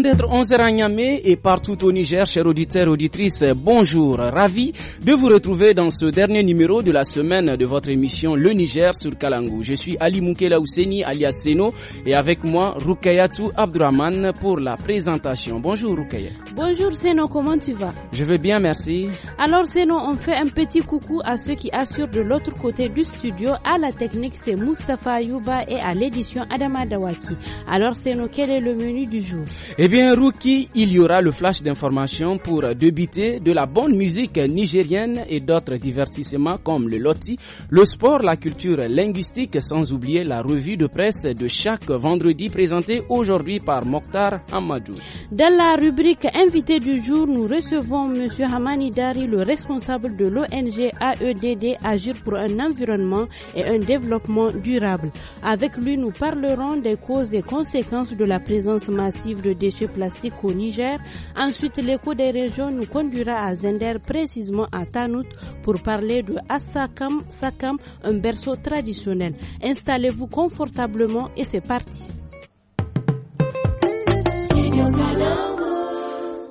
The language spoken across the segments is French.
d'être 11h et partout au Niger, chers auditeurs, auditrices, bonjour. Ravi de vous retrouver dans ce dernier numéro de la semaine de votre émission Le Niger sur Kalangou. Je suis Ali Moukela Ousseni, alias Seno, et avec moi, Rukayatou Abdurrahman pour la présentation. Bonjour Rukaya. Bonjour Seno, comment tu vas Je vais bien, merci. Alors Seno, on fait un petit coucou à ceux qui assurent de l'autre côté du studio. À la technique, c'est Mustafa Yuba et à l'édition Adama Dawaki. Alors Seno, quel est le menu du jour eh eh bien, Rookie, il y aura le flash d'information pour débiter de la bonne musique nigérienne et d'autres divertissements comme le loti, le sport, la culture linguistique, sans oublier la revue de presse de chaque vendredi présentée aujourd'hui par Mokhtar Hamadou. Dans la rubrique Invité du jour, nous recevons M. Hamani Dari, le responsable de l'ONG AEDD Agir pour un environnement et un développement durable. Avec lui, nous parlerons des causes et conséquences de la présence massive de déchets plastique au Niger. Ensuite, l'écho des régions nous conduira à Zender, précisément à Tanout, pour parler de Asakam, Sakam, un berceau traditionnel. Installez-vous confortablement et c'est parti.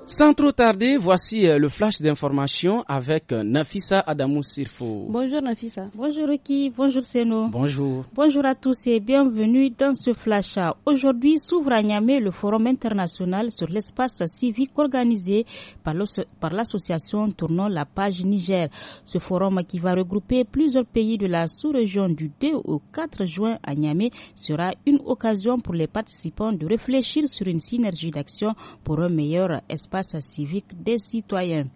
Sans trop tarder, voici euh, le flash d'information avec euh, Nafissa Adamou Sirfo. Bonjour Nafissa. Bonjour Ricky, bonjour Seno. Bonjour. Bonjour à tous et bienvenue dans ce flash. Aujourd'hui s'ouvre à Niamey le forum international sur l'espace civique organisé par l'association Tournant la page Niger. Ce forum qui va regrouper plusieurs pays de la sous-région du 2 au 4 juin à Niamey sera une occasion pour les participants de réfléchir sur une synergie d'action pour un meilleur espace civique des citoyens.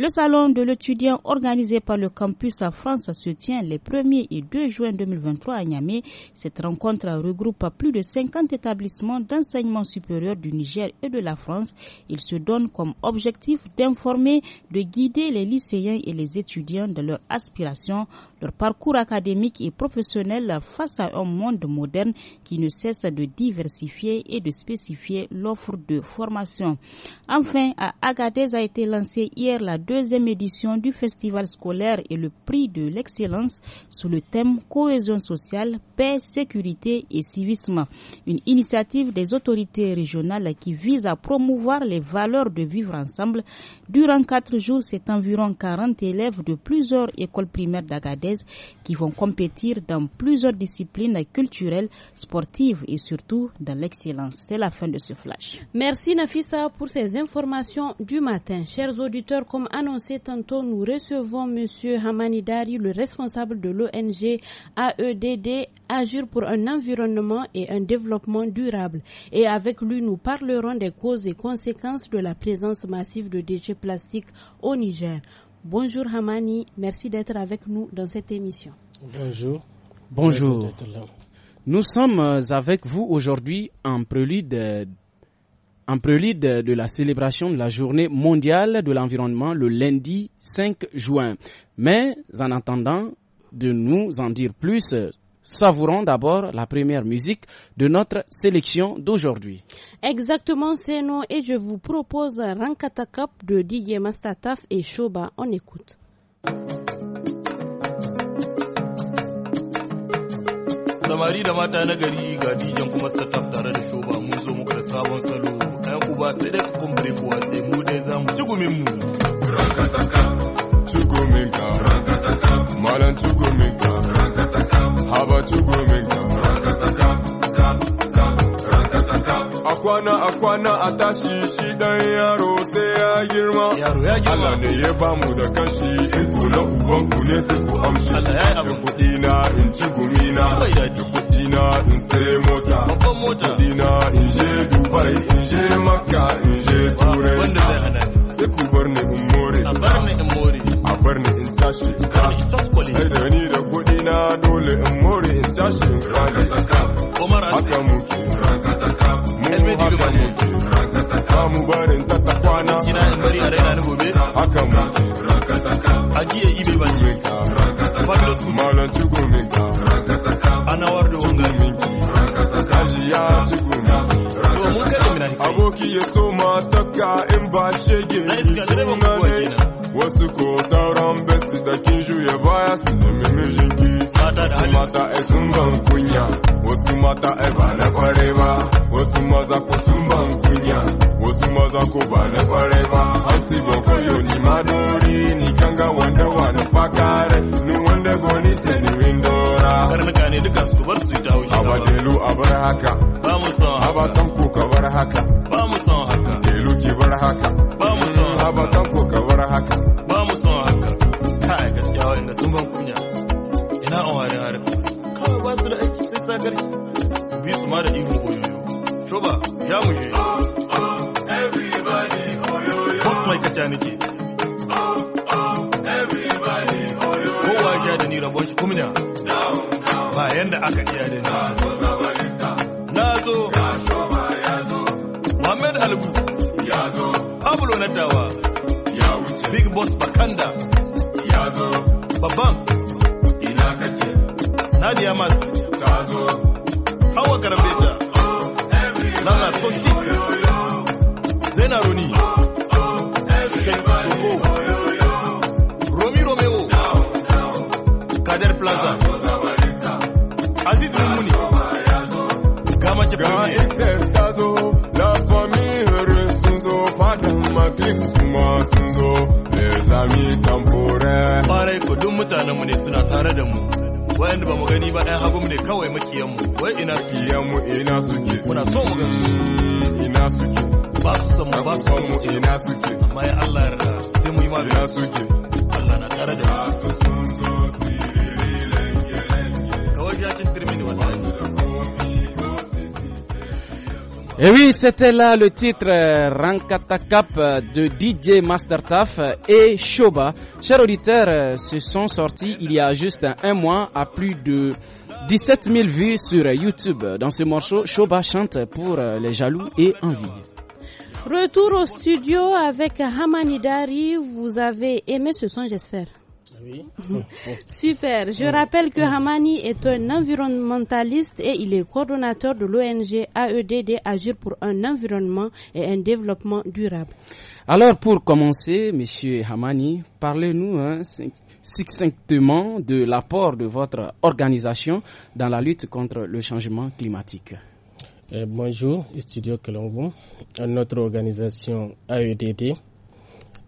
Le salon de l'étudiant organisé par le campus à France se tient les 1er et 2 juin 2023 à Niamey. Cette rencontre regroupe plus de 50 établissements d'enseignement supérieur du Niger et de la France. Il se donne comme objectif d'informer, de guider les lycéens et les étudiants de leurs aspirations, leur parcours académique et professionnel face à un monde moderne qui ne cesse de diversifier et de spécifier l'offre de formation. Enfin, à Agadez a été lancée hier la deuxième édition du festival scolaire et le prix de l'excellence sous le thème Cohésion sociale, paix, sécurité et civisme. Une initiative des autorités régionales qui vise à promouvoir les valeurs de vivre ensemble. Durant quatre jours, c'est environ 40 élèves de plusieurs écoles primaires d'Agadez qui vont compétir dans plusieurs disciplines culturelles, sportives et surtout dans l'excellence. C'est la fin de ce flash. Merci Nafissa pour ces informations du matin. Chers auditeurs, comme annoncé tantôt, nous recevons Monsieur Hamani Dari, le responsable de l'ONG AEDD, Agir pour un environnement et un développement durable. Et avec lui, nous parlerons des causes et conséquences de la présence massive de déchets plastiques au Niger. Bonjour Hamani, merci d'être avec nous dans cette émission. Bonjour. Bonjour. Nous sommes avec vous aujourd'hui en prélude en prélude de la célébration de la journée mondiale de l'environnement le lundi 5 juin. Mais en attendant de nous en dire plus, savourons d'abord la première musique de notre sélection d'aujourd'hui. Exactement, c'est nous et je vous propose Rankatakap de Didier Mastataf et Shoba. On écoute. samari ba sai dai kumbure kuwa sai mu dai za mu ci gumin mu. Rakataka, tuguminka, rakataka, malam tuguminka, rakataka, haba tuguminka, rakataka, ka, ka, rakataka. A akwana atashi tashi shi dan yaro sai ya girma. Yaro ya girma. Allah ne ya mu da kanshi in ku na uban ku ne sai ku amshi. Allah ya yi abu. Da kuɗi na in ci gumina. Sai da kuɗi. kuɗi na mota babban mota kuɗi na dubai in Maka, makka in je turai wanda zai hana ni sai ku bar ni in more dole in more in tashi Omar haka muke rakataka mu haka muke rakataka mu barin ta ta kwana kina in bari a raina ni gobe haka muke rakataka ajiye ibe ba ji rakataka malam anawar aboki ya so mataka in ba shege ne wasu ko sauran besu da kin juya baya su nemi mijinki wasu mata ai sun ban kunya wasu mata ai ba na kware ba wasu maza ko sun ban kunya wasu maza ko ba na kware ba hasiba koyo ni madori ni kanga wanda wani fakare ni wanda goni sani karnuka ne duka su bar su ta haushi aba delu a bar haka ba mu son haka aba tanko ka bar haka ba mu son haka delu ki bar haka ba mu son aba tanko ka bar haka ba mu son haka kai gaskiya wa'anda sun ban kunya ina an ware harkar kawai ba su da aiki sai sagar bi su ma da ihun koyoyo shoba ya mu je everybody koyoyo oh, ko mai kaca nake oh, oh, kowa ya sha da ni rabon shi kumna yanda aka iya da ni na zo Muhammad Algu ya zo Pablo Nadawa ya wuce Big Boss Bakanda ya zo Babam ina kake Nadia Mas ka zo Hawa Karambeta Lana Sosik Zainaroni ci ga xl ta zo la famille sun zo fadin matrix kuma sun zo les amis temporaires kwarai ko duk mutanenmu ne suna tare da mu wayanda ba mu gani ba ɗan hagu ne kawai makiyanmu wai ina kiyanmu ina suke muna so mu gansu hmm, ina suke ba su san mu ba su san mu ina suke amma ya Allah yarda sai mu yi magana ina suke Et oui, c'était là le titre euh, Cap euh, de DJ Mastertaf euh, et Shoba. Chers auditeurs, ce sont sortis il y a juste un mois à plus de 17 000 vues sur YouTube. Dans ce morceau, Shoba chante pour les jaloux et envieux. Retour au studio avec Dari, Vous avez aimé ce son, j'espère. Super. Je rappelle que Hamani est un environnementaliste et il est coordonnateur de l'ONG AEDD Agir pour un environnement et un développement durable. Alors pour commencer, Monsieur Hamani, parlez-nous hein, succinctement de l'apport de votre organisation dans la lutte contre le changement climatique. Euh, bonjour, Studio Colombo. Notre organisation AEDD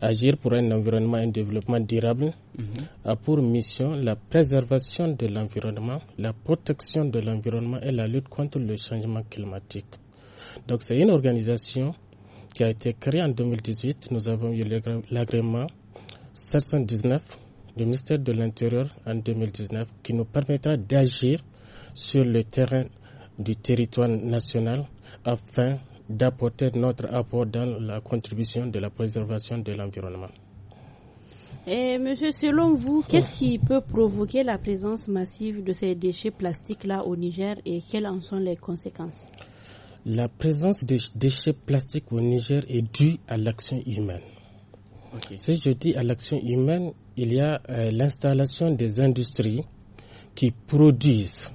Agir pour un environnement et un développement durable mhm. a pour mission la préservation de l'environnement, la protection de l'environnement et la lutte contre le changement climatique. Donc c'est une organisation qui a été créée en 2018. Nous avons eu l'agrément 719 du ministère de l'Intérieur en 2019 qui nous permettra d'agir sur le terrain du territoire national afin d'apporter notre apport dans la contribution de la préservation de l'environnement. Et eh, monsieur, selon vous, qu'est-ce qui peut provoquer la présence massive de ces déchets plastiques-là au Niger et quelles en sont les conséquences La présence des déchets plastiques au Niger est due à l'action humaine. Si je dis à l'action humaine, il y a euh, l'installation des industries qui produisent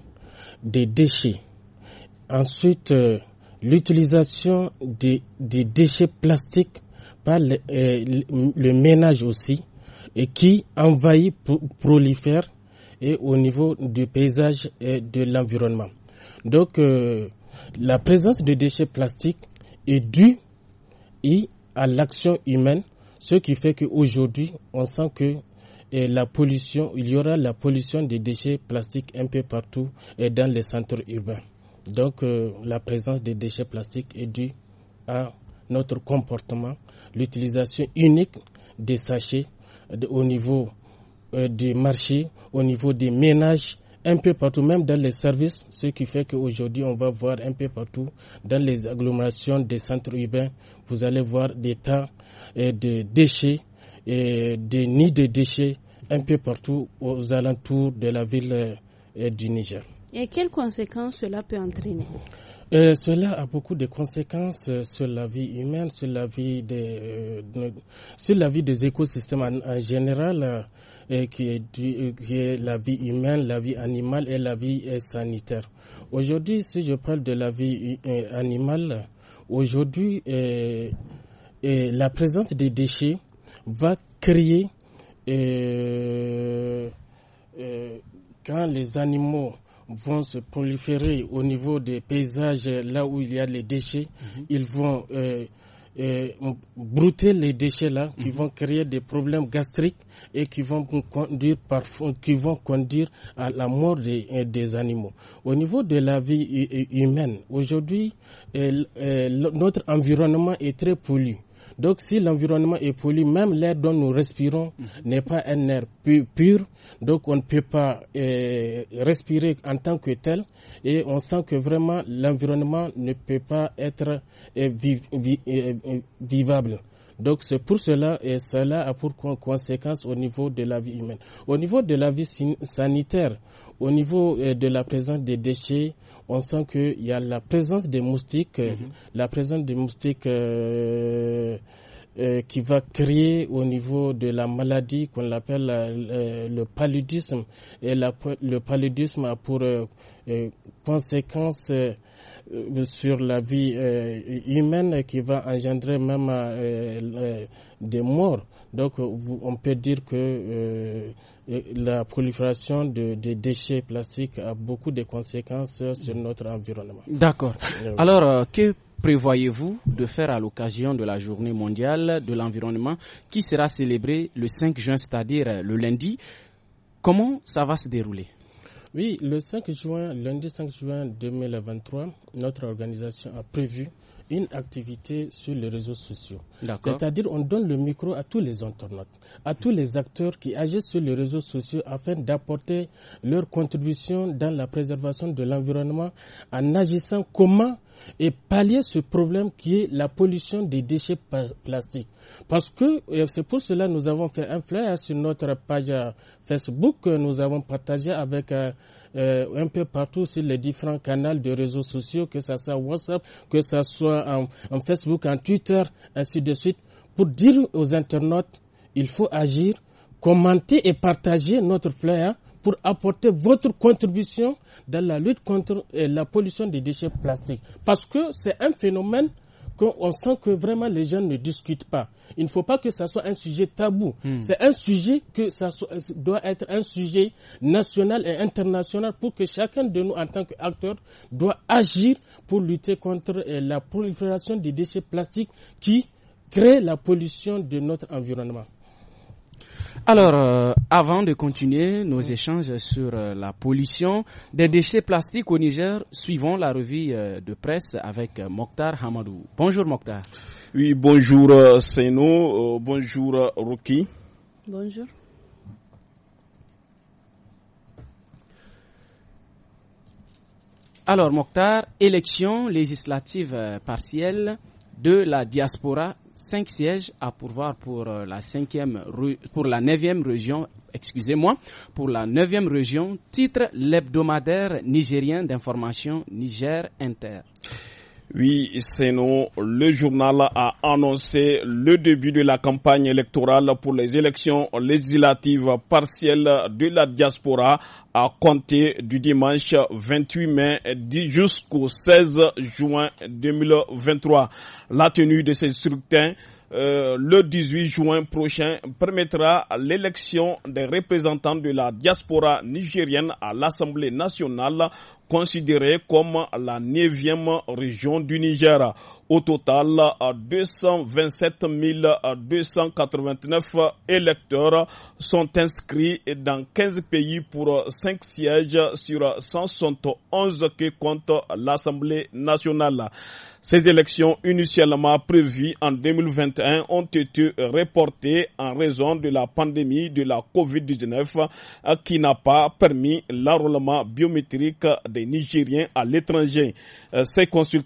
des déchets. Ensuite, euh, l'utilisation des, déchets plastiques par euh, le, ménage aussi, et qui envahit, prolifère et au niveau du paysage et de l'environnement. Donc, euh, la présence de déchets plastiques est due et à l'action humaine, ce qui fait qu'aujourd'hui, on sent que eh, la pollution, il y aura la pollution des déchets plastiques un peu partout et dans les centres urbains. Donc euh, la présence des déchets plastiques est due à notre comportement, l'utilisation unique des sachets au niveau euh, des marchés, au niveau des ménages, un peu partout, même dans les services, ce qui fait qu'aujourd'hui on va voir un peu partout dans les agglomérations des centres urbains, vous allez voir des tas euh, de déchets, et des nids de déchets un peu partout aux alentours de la ville du Niger. Et quelles conséquences cela peut entraîner euh, cela a beaucoup de conséquences euh, sur la vie humaine, sur la vie des, euh, la vie des écosystèmes en, général, qui est la vie humaine, la vie animale et la vie sanitaire. Aujourd'hui, si je parle de la vie animale, aujourd'hui, la présence des déchets va créer quand les animaux vont se proliférer au niveau des paysages là où il y a les déchets. Mhm. Ils vont euh, euh, brouter les déchets là, qui mhm. vont créer des problèmes gastriques et qui vont conduire qui vont conduire à la mort des, euh, des animaux. Au niveau de la vie humaine, aujourd'hui, notre environnement est très pollué. Donc si l'environnement est pollué, même l'air dont nous respirons n'est pas un air pur, donc on ne peut pas euh, respirer en tant que tel et on sent que vraiment l'environnement ne peut pas être euh, euh, vivable. Donc c'est pour cela et cela a pour conséquence au niveau de la vie humaine. Au niveau de la vie sanitaire, au niveau de la présence des déchets, on sent qu'il y a la présence des moustiques, euh, mhm. la présence des moustiques euh, euh, qui va créer au niveau de la maladie qu'on appelle le paludisme. Et le paludisme a pour conséquence sur la vie humaine qui va engendrer même des morts. Donc on peut dire que la prolifération de, déchets plastiques a beaucoup de conséquences sur mm. notre environnement. D'accord. Eh Alors, euh, que prévoyez-vous de faire à l'occasion de la journée mondiale de l'environnement qui sera célébrée le 5 juin, c'est-à-dire le lundi Comment ça va se dérouler Oui, le 5 juin, lundi 5 juin 2023, notre organisation a prévu une activité sur les réseaux sociaux. C'est-à-dire on donne le micro à tous les internautes, à tous les acteurs qui agissent sur les réseaux sociaux afin d'apporter leur contribution dans la préservation de l'environnement en agissant comment et pallier ce problème qui est la pollution des déchets plastiques. Parce que c'est pour cela que nous avons fait un flyer sur notre page euh, Facebook que nous avons partagé avec euh, euh, un peu partout sur les différents canaux de réseaux sociaux, que ce soit WhatsApp, que ce soit en, Facebook, en Twitter, ainsi de suite, pour dire aux internautes, il faut agir, commenter et partager notre flyer pour apporter votre contribution dans la lutte contre euh, la pollution des déchets plastiques. Parce que c'est un phénomène qu'on sent que vraiment les gens ne discutent pas. Il ne faut pas que ça soit un sujet tabou. Hmm. C'est un sujet que ça euh, doit être un sujet national et international pour que chacun de nous, en tant qu'acteur, doit agir pour lutter contre euh, la prolifération des déchets plastiques qui créent la pollution de notre environnement. Alors, euh, avant de continuer nos échanges sur euh, la pollution des déchets plastiques au Niger, suivons la revue euh, de presse avec Mokhtar Hamadou. Bonjour Mokhtar. Oui, bonjour Seno, bonjour Rocky. Bonjour. Alors Mokhtar, élection législative partielle de la diaspora cinq sièges à pourvoir pour euh, la cinquième, pour la neuvième région, excusez-moi, pour la neuvième région, titre l'hebdomadaire nigérien d'information Niger Inter. Oui, c'est nous. Le journal a annoncé le début de la campagne électorale pour les élections législatives partielles de la diaspora à compter du dimanche 28 mai jusqu'au 16 juin 2023. La tenue de ces scrutins euh, le 18 juin prochain permettra l'élection des représentants de la diaspora nigérienne à l'Assemblée nationale considérée comme la neuvième région du Niger. Au total, 227 289 électeurs sont inscrits dans 15 pays pour 5 sièges sur 171 que compte l'Assemblée nationale. Ces élections initialement prévues en 2021 ont été reportées en raison de la pandémie de la COVID-19 euh, qui n'a pas permis l'enrôlement biométrique des Nigériens à l'étranger. Euh,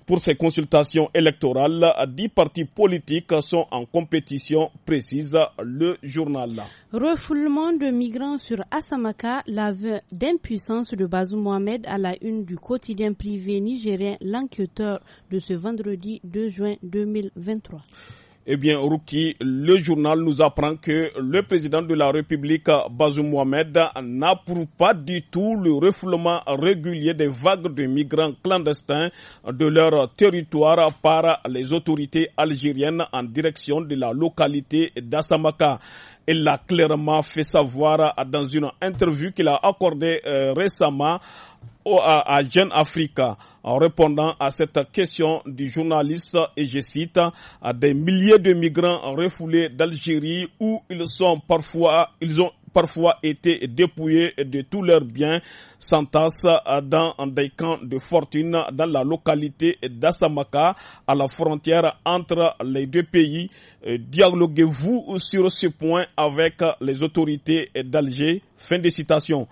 pour ces consultations électorales, euh, dix partis politiques sont en compétition, précise le journal. Refoulement de migrants sur Asamaka, l'aveu d'impuissance de Bazou Mohamed à la une du quotidien privé nigérien, l'enquêteur de ce vendredi 2 juin Eh bien, Ruki, le journal nous apprend que le président de la République, Bazoum Mohamed, n'approuve pas du tout le refoulement régulier des vagues de migrants clandestins de leur territoire par les autorités algériennes en direction de la localité d'Assamaka. Il l'a clairement fait savoir dans une interview qu'il a accordée euh, récemment à, Jeune Africa en répondant à cette question du journaliste et je cite À des milliers de migrants refoulés d'Algérie où ils sont parfois ils ont parfois été dépouillés de tous leurs biens, s'entassent euh, dans des camps de fortune dans la localité d'Assamaka, à la frontière entre les deux pays. Euh, dialoguez-vous sur ce point avec les autorités d'Alger Fin de citation.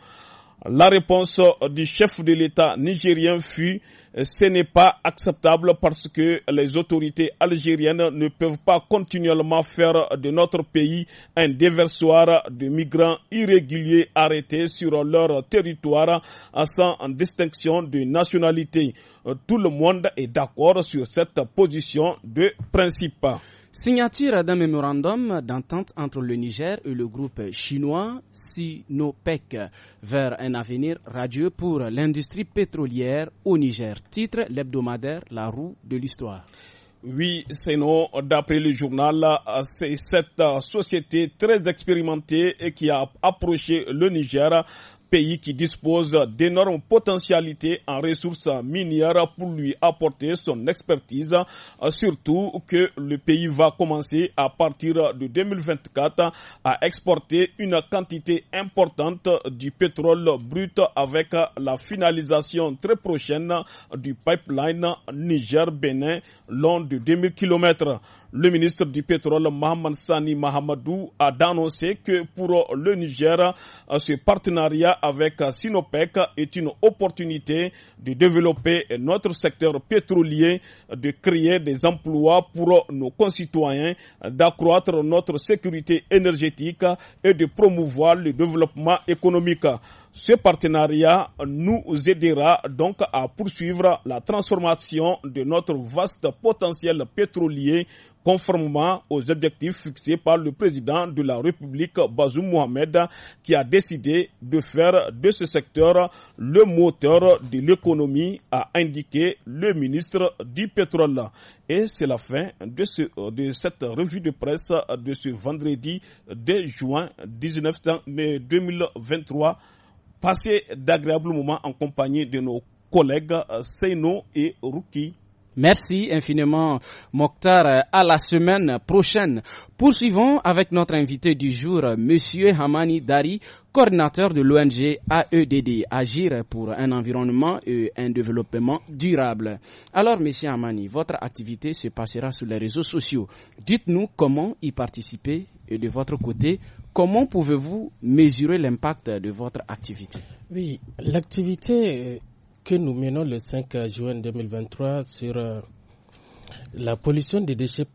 La réponse du chef de l'État nigérien fut euh, ce n'est pas acceptable parce que les autorités algériennes ne peuvent pas continuellement faire de notre pays un déversoir de migrants irréguliers arrêtés sur leur territoire euh, sans distinction de nationalité. Euh, tout le monde est d'accord sur cette position de principe. Signature d'un mémorandum d'entente entre le Niger et le groupe chinois Sinopec vers un avenir radieux pour l'industrie pétrolière au Niger. Titre l'hebdomadaire La roue de l'histoire. Oui, c'est non. D'après le journal, c'est cette société très expérimentée qui a approché le Niger pays qui dispose d'énormes potentialités en ressources minières pour lui apporter son expertise, surtout que le pays va commencer à partir de 2024 à exporter une quantité importante du pétrole brut avec la finalisation très prochaine du pipeline Niger-Bénin long de 2000 km. Le ministre du Pétrole, Mohamed Sani Mahamadou, a annoncé que pour le Niger, ce partenariat avec Sinopec est une opportunité de développer notre secteur pétrolier, de créer des emplois pour nos concitoyens, d'accroître notre sécurité énergétique et de promouvoir le développement économique. Ce partenariat nous aidera donc à poursuivre la transformation de notre vaste potentiel pétrolier conformément aux objectifs fixés par le président de la République Bazoum Mohamed qui a décidé de faire de ce secteur le moteur de l'économie, a indiqué le ministre du pétrole. Et c'est la fin de, cette revue de presse de ce vendredi 2 juin 2023. Passez d'agréables moments en compagnie de nos collègues euh, Seino et Ruki. Merci infiniment, Mokhtar. À la semaine prochaine. Poursuivons avec notre invité du jour, M. Hamani Dari, coordinateur de l'ONG AEDD, Agir pour un environnement et un développement durable. Alors, Monsieur Hamani, votre activité se passera sur les réseaux sociaux. Dites-nous comment y participer et de votre côté, comment pouvez-vous mesurer l'impact de votre activité Oui, l'activité que nous menons le 5 juin 2023 sur euh, la pollution des déchets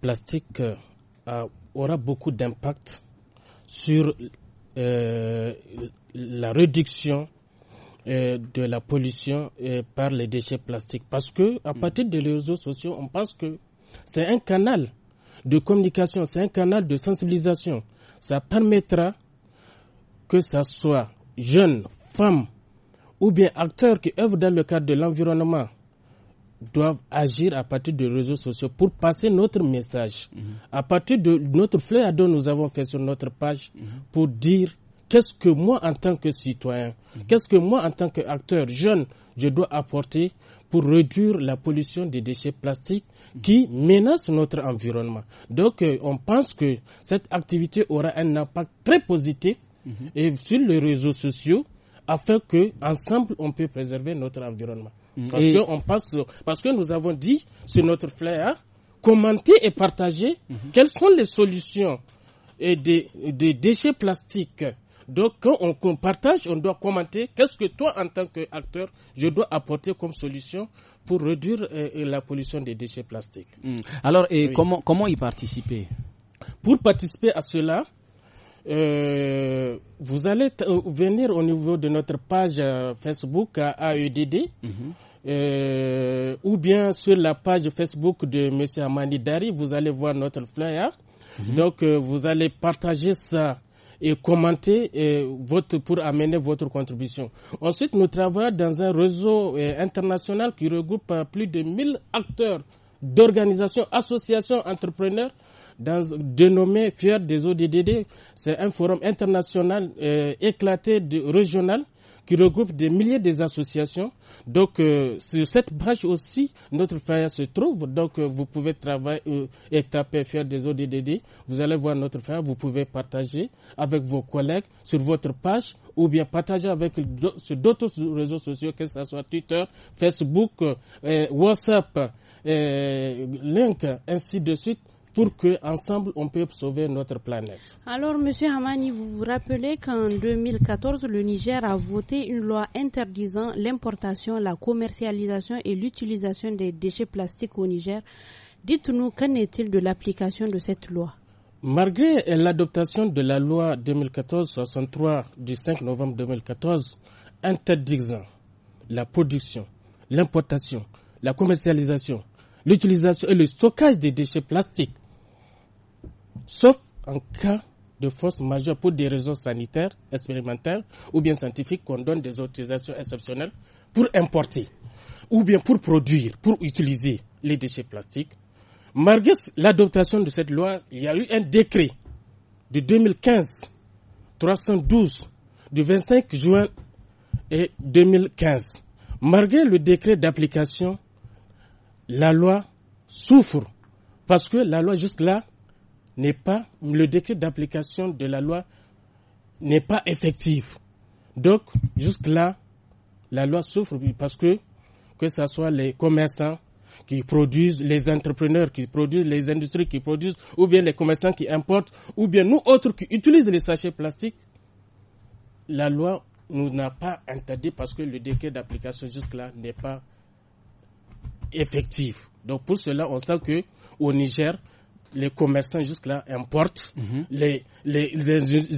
plastiques euh, aura beaucoup d'impact sur euh, la réduction de la pollution par les déchets plastiques. Parce que à mm. partir des réseaux sociaux, on pense que c'est un canal de communication, c'est un canal de sensibilisation. Ça permettra que ça soit jeunes, femmes, ou bien acteurs qui œuvrent dans le cadre de l'environnement doivent agir à partir de réseaux sociaux pour passer notre message, mhm. à partir de notre flé à dos nous avons fait sur notre page mhm. pour dire qu'est-ce que moi en tant que citoyen, mhm. qu'est-ce que moi en tant qu'acteur jeune, je dois apporter pour réduire la pollution des déchets plastiques qui menacent notre environnement. Donc euh, on pense que cette activité aura un impact très positif sur les réseaux sociaux afin que ensemble on peut préserver notre environnement. Mm. Parce que on passe, parce que nous avons dit sur notre flair commenter et partager mm-hmm. quelles sont les solutions des, déchets plastiques. Donc, quand on, partage, on doit commenter qu'est-ce que toi, en tant qu'acteur, je dois apporter comme solution pour réduire euh, euh, la pollution des déchets plastiques. Mm. Alors, comment, comment y participer Pour participer à cela, euh, vous allez euh, venir au niveau de notre page euh, Facebook AEDD. Mhm. ou bien sur la page Facebook de M. Amani Dari, vous allez voir notre flyer. Mhm. Donc, vous allez partager ça et commenter et votre, pour amener votre contribution. Ensuite, nous travaillons dans un réseau international qui regroupe plus de 1000 acteurs d'organisations, associations, entrepreneurs dénommé Fier des ODDD. C'est un forum international euh, éclaté, régional, qui regroupe des milliers d'associations Donc, euh, sur cette page aussi, notre frère se trouve. Donc, euh, vous pouvez travailler et taper, Fier des ODDD. Vous allez voir notre frère. Vous pouvez partager avec vos collègues sur votre page ou bien partager avec sur d'autres réseaux sociaux, que ce soit Twitter, Facebook, WhatsApp, Link, ainsi de suite pour que ensemble on puisse sauver notre planète. Alors monsieur Hamani, vous vous rappelez qu'en 2014 le Niger a voté une loi interdisant l'importation, la commercialisation et l'utilisation des déchets plastiques au Niger. Dites-nous qu'en est-il de l'application de cette loi Malgré l'adoption de la loi 2014-63 du 5 novembre 2014 interdisant la production, l'importation, la commercialisation l'utilisation et le stockage des déchets plastiques, sauf en cas de force majeure pour des raisons sanitaires, expérimentales ou bien scientifiques qu'on donne des autorisations exceptionnelles pour importer ou bien pour produire, pour utiliser les déchets plastiques. Malgré l'adoption de cette loi, il y a eu un décret de 2015 312 du 25 juin 2015. Malgré le décret d'application la loi souffre parce que la loi jusque-là n'est pas, le décret d'application de la loi n'est pas effectif. Donc, jusque-là, la loi souffre parce que, que ce soit les commerçants qui produisent, les entrepreneurs qui produisent, les industries qui produisent, ou bien les commerçants qui importent, ou bien nous autres qui utilisons les sachets plastiques, la loi nous n'a pas interdit parce que le décret d'application jusque-là n'est pas effectif. Donc pour cela, on sait que au Niger, les commerçants jusque-là importent, mhm. les,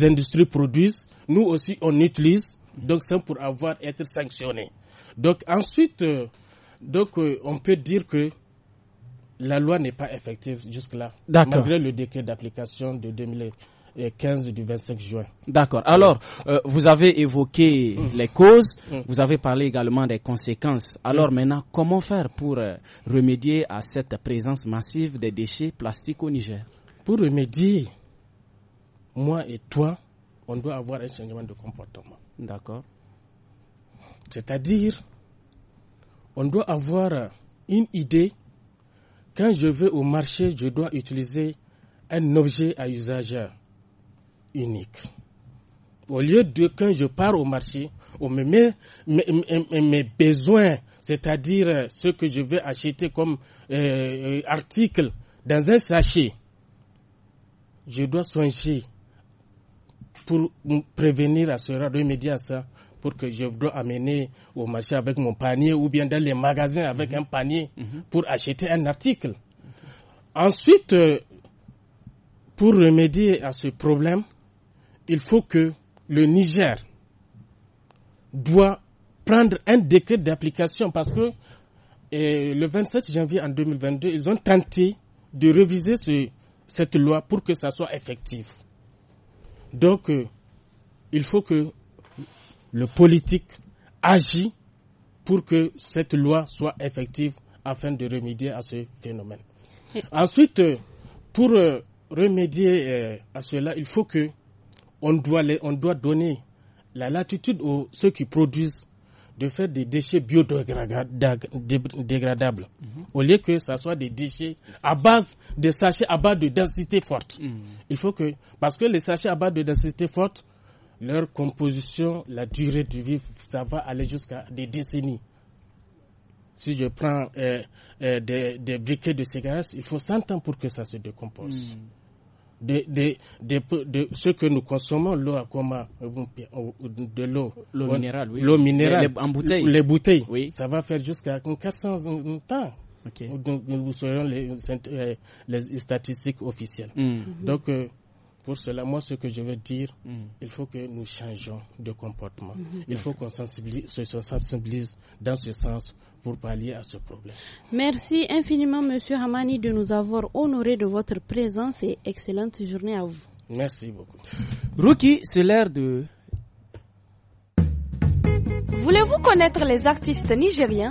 industries produisent, nous aussi on utilise, donc c'est pour avoir été sanctionné. Donc ensuite, euh, euh, on peut dire que la loi n'est pas effective jusque-là, malgré le décret d'application de 2000. 15 du 25 juin. D'accord. Alors, euh, vous avez évoqué les causes, vous avez parlé également des conséquences. Alors mm. maintenant, comment faire pour euh, remédier à cette présence massive des déchets plastiques au Niger Pour remédier, moi et toi, on doit avoir un changement de comportement. D'accord. C'est-à-dire, on doit avoir euh, une idée. Quand je vais au marché, je dois utiliser un objet à usage unique. Au lieu de quand je pars au marché, on me mes, besoins, c'est-à-dire ce que je vais acheter comme euh, euh, article dans un sachet. Je dois songer pour prévenir à ce remédier à ça, pour que je dois amener au marché avec mon panier ou bien dans les magasins avec mhm. un panier mhm. pour acheter un article. Ensuite, euh, pour remédier à ce problème, il faut que le Niger doit prendre un décret d'application parce que euh, le 27 janvier en 2022, ils ont tenté de réviser cette loi pour que ça soit effectif. Donc, euh, il faut que le politique agisse pour que cette loi soit effective afin de remédier à ce phénomène. Ensuite, euh, pour remédier à cela, il faut que on doit, donner la latitude aux ceux qui produisent de faire des déchets biodégradables, mhm. au lieu que ce soit des déchets à base de sachets à base de densité forte. Mhm. Il faut parce que les sachets à base de densité forte, leur composition, la durée de vie, ça va aller jusqu'à des décennies. Si je prends euh, euh, des, briquets de cigarettes, il faut 100 ans pour que ça se décompose. Mhm de, de, de, ce que nous consommons, l'eau à coma, euh, de l'eau. L'eau minérale, oui. L'eau minérale. Les, en bouteille. les bouteilles. Oui. Ça va faire jusqu'à 400 ans. Okay. Donc, nous serons les, les euh, statistiques officielles. Mm. Donc, euh, pour cela, moi, ce que je veux dire, mm. il faut que nous changeons de comportement. Mm-hmm. Il faut qu'on sensibilise, se sensibilise dans ce sens pour pallier à ce problème. Merci infiniment, Monsieur Hamani, de nous avoir honorés de votre présence et excellente journée à vous. Merci beaucoup. Rookie, c'est l'heure de... Voulez-vous connaître les artistes nigériens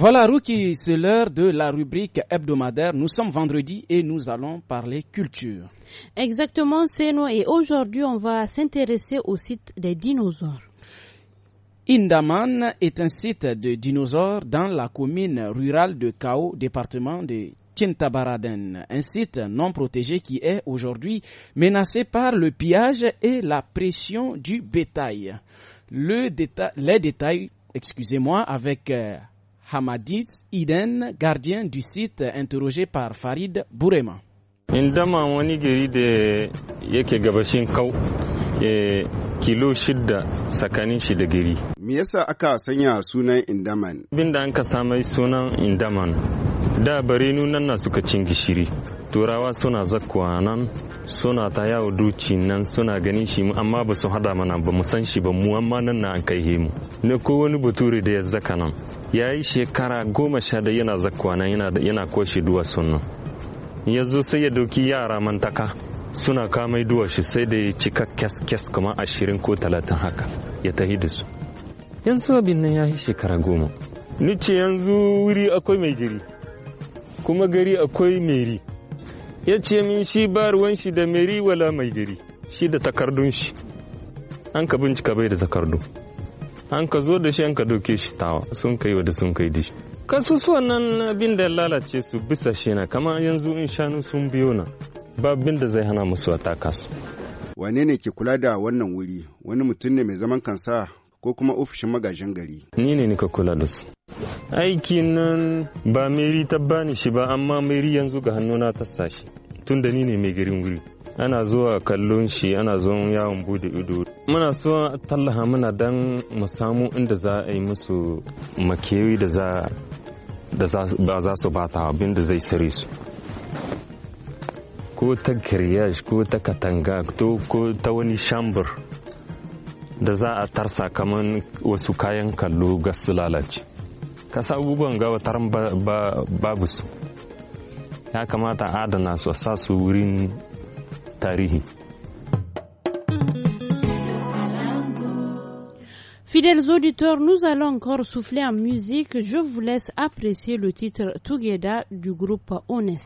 Voilà, Rookie, c'est l'heure de la rubrique hebdomadaire. Nous sommes vendredi et nous allons parler culture. Exactement, c'est nous. Et aujourd'hui, on va s'intéresser au site des dinosaures. Indaman est un site de dinosaures dans la commune rurale de Kao, département de Tintabaraden, un site non protégé qui est aujourd'hui menacé par le pillage et la pression du bétail. les détails, excusez-moi, avec euh, hamadit Iden, gardien du site interrogé par Farid Bourema. Indama wani gari da yake gabashin kau e, kilo shida tsakanin shi da gari. Me yasa aka sanya sunan Indaman? da an ka samai sunan Indaman. Da barenu nan na suka cin gishiri. Turawa suna zakkuwa nan, suna ta yawo duci nan suna ganin shi amma ba su hada mana ba mu san shi ba mu amma nan na an kai hemu. Ne ko wani bature da ya zaka nan. ya yi shekara goma sha da yana zakwana yana kwashe duwatsun nan ya zo sai ya doki yara mantaka suna kamai duwashi sai da ya cika kyas-kyas kuma ashirin ko talatin haka ya tahi da su yanzu abin nan ya yi shekara goma ni ce yanzu wuri akwai mai gari kuma gari akwai meri ya ce min shi ba ruwan shi da meri wala mai gari shi da takardun shi an ka bincika bai da takardu an ka zo da shi an ka doke shi tawa sun kai wa da sun kai shi kasusuwan nan abin da ya lalace su bisa shi na kama yanzu in shanu sun biyo na babin da zai hana musu wata su wane ne ke kula da wannan wuri wani mutum ne mai zaman kansa ko kuma ofishin magajin gari ni ne nika kula da su aiki nan ba meri ta bani shi ba amma meri yanzu ga hannuna ta sashi tun da ni ne mai garin wuri ana zuwa kallon shi ana zuwa yawon bude ido muna so tallaha muna don mu samu inda za a yi musu makewi da za ba za su bata abinda zai sare su ko ta kiryash ko ta katanga ko ta wani shambur da za a tarsa kamar wasu kayan kallo ga su lalace kasa abubuwan gabatar babu su ya kamata adana su sa su wurin Fidèles auditeurs, nous allons encore souffler en musique. Je vous laisse apprécier le titre Together du groupe Ones.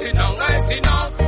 sit down, guys,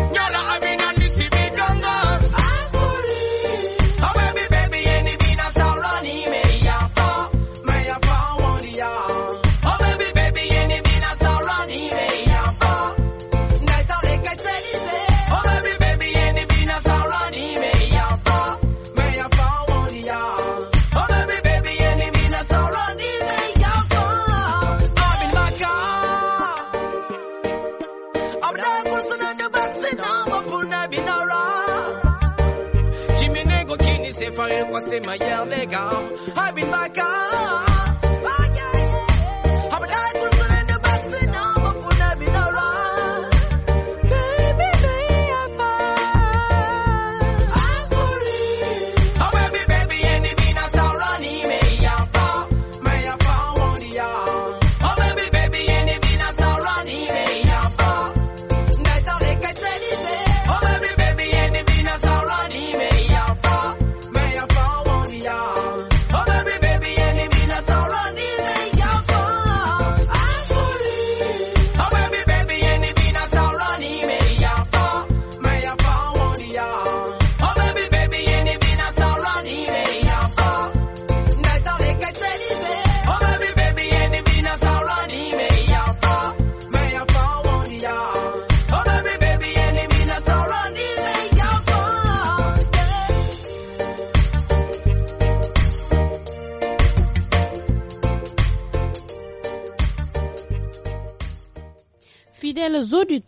in my yellow gown. I've been back out.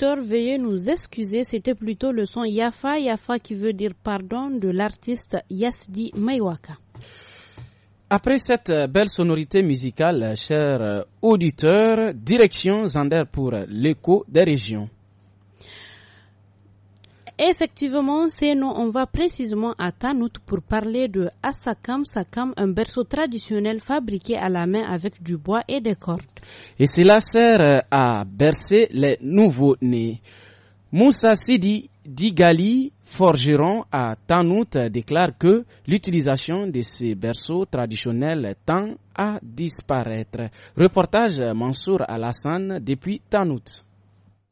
auditeurs, veuillez nous excuser. C'était plutôt le son Yafa, Yafa qui veut dire pardon de l'artiste Yasdi Maywaka. Après cette belle sonorité musicale, chers auditeurs, direction Zander pour l'écho des régions effectivement, c'est nous, on va précisément à Tanout pour parler de Asakam Sakam, un berceau traditionnel fabriqué à la main avec du bois et des cordes. Et cela sert euh, à bercer les nouveaux-nés. Moussa Sidi Digali, forgeron à Tanout, déclare que l'utilisation de ces berceaux traditionnels tend à disparaître. Reportage Mansour Alassane depuis Tanout.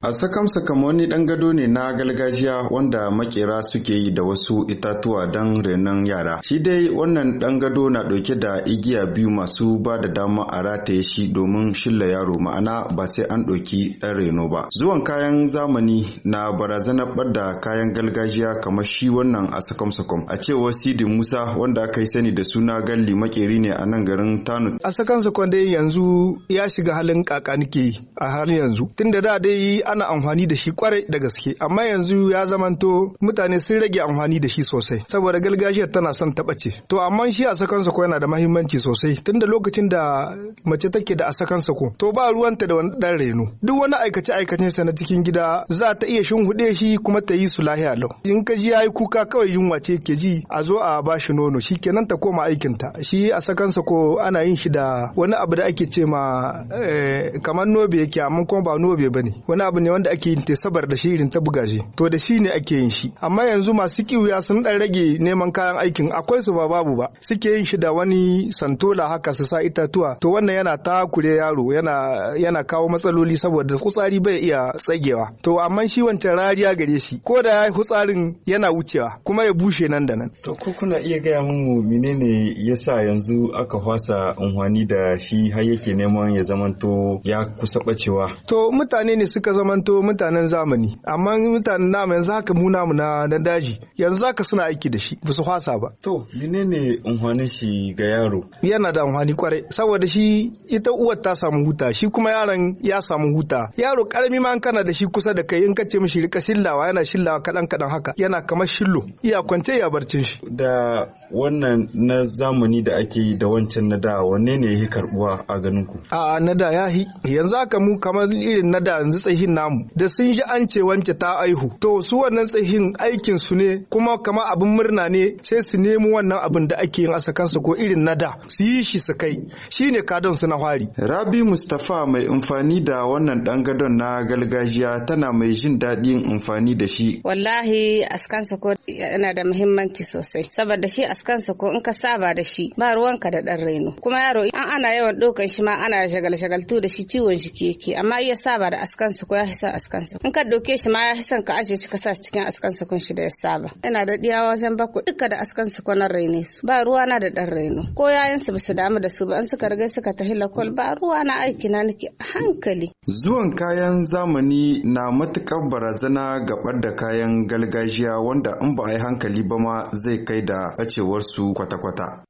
A sakam sakam wani ɗan gado ne na galgajiya wanda makera suke yi da wasu itatuwa dan renon yara. Shi dai wannan ɗan gado na ɗauke da igiya biyu masu ba da dama a rataye shi domin shilla yaro ma'ana ba sai an ɗauki ɗan reno ba. Zuwan kayan zamani na barazanar da kayan galgajiya kamar shi wannan a sakam sakam. A cewar Sidi Musa wanda aka yi sani da suna Galli makeri ne a nan garin tanu A sakam sakam dai yanzu ya shiga halin kakaniki a har yanzu. Tunda da dai ana amfani da shi kwarai da gaske amma yanzu ya zamanto mutane sun rage amfani da shi sosai saboda gargajiyar tana son taɓace to amma shi a sakansako ko yana da mahimmanci sosai tunda lokacin da mace take da a sakansako ko to ba ruwanta da wani ɗan reno duk wani aikace aikacen sa na cikin gida za ta iya shinhuɗe shi kuma ta yi su lahiya lau in ka ji yayi kuka kawai yunwa ce ke ji a zo a ba shi nono shikenan ta koma aikinta shi a sakansa ko ana yin shi da wani abu da ake ce ma eh, kamar nobe yake amma kuma ba nobe bane wani abu abu ne wanda ake yin te sabar da shi irin ta buga shi to da shi ne ake yin shi amma yanzu masu kiwuya sun dan rage neman kayan aikin akwai su ba babu ba suke yin shi da wani santola haka su sa itatuwa to wannan yana ta kure yaro yana yana kawo matsaloli saboda kutsari bai iya tsagewa to amma shi wancan rariya gare shi ko da kutsarin yana wucewa kuma ya bushe nan da nan to ko kuna iya gaya mu menene yasa yanzu aka fasa unhwani da shi har yake neman ya zamanto ya kusa bacewa to mutane ne suka zama zamanto mutanen zamani amma mutanen nama yanzu haka mu na daji yanzu haka suna aiki da shi ba su hwasa ba to menene unhwanin shi ga yaro yana da unhwani kwarai saboda shi ita uwar ta samu huta shi kuma yaron ya samu huta yaro karami ma kana da shi kusa da kai in ka ce mishi rika shillawa yana shillawa kadan kadan haka yana kamar shillo iya kwance ya barcin shi da wannan na zamani da ake yi da wancan na da wanne ne ya yi karbuwa a ganin ku a na da yahi yanzu haka mu kamar irin na da yanzu tsayin namu da sun ji an ce wance ta aihu to su wannan tsahin aikin su ne kuma kama abin murna ne sai su nemi wannan abin da ake yin asa kansu ko irin na da su yi shi su kai shine kadon su na fari rabi mustafa mai amfani da wannan dan gadon na galgajiya tana mai jin daɗin amfani da shi wallahi askan sako yana da muhimmanci sosai saboda shi askan sako in ka saba da shi ba ruwanka da dan raino kuma yaro an ana yawan ɗaukan shi ma ana shagal shagaltu da shi ciwon shi ke amma iya saba da askan sako ya ya askansa in ka dauke shi ma ya hisan ka aje shi ka sa cikin askan kun shi da ya saba ina da diya wajen bako duka da askan ko na raine su ba ruwa na da dan raino ko yayan su basu damu da su ba in suka riga suka tahi lakol ba ruwa na aiki na nake hankali zuwan kayan zamani na matukar barazana gabar da kayan gargajiya wanda in ba a yi hankali ba ma zai kai da bacewar su kwata-kwata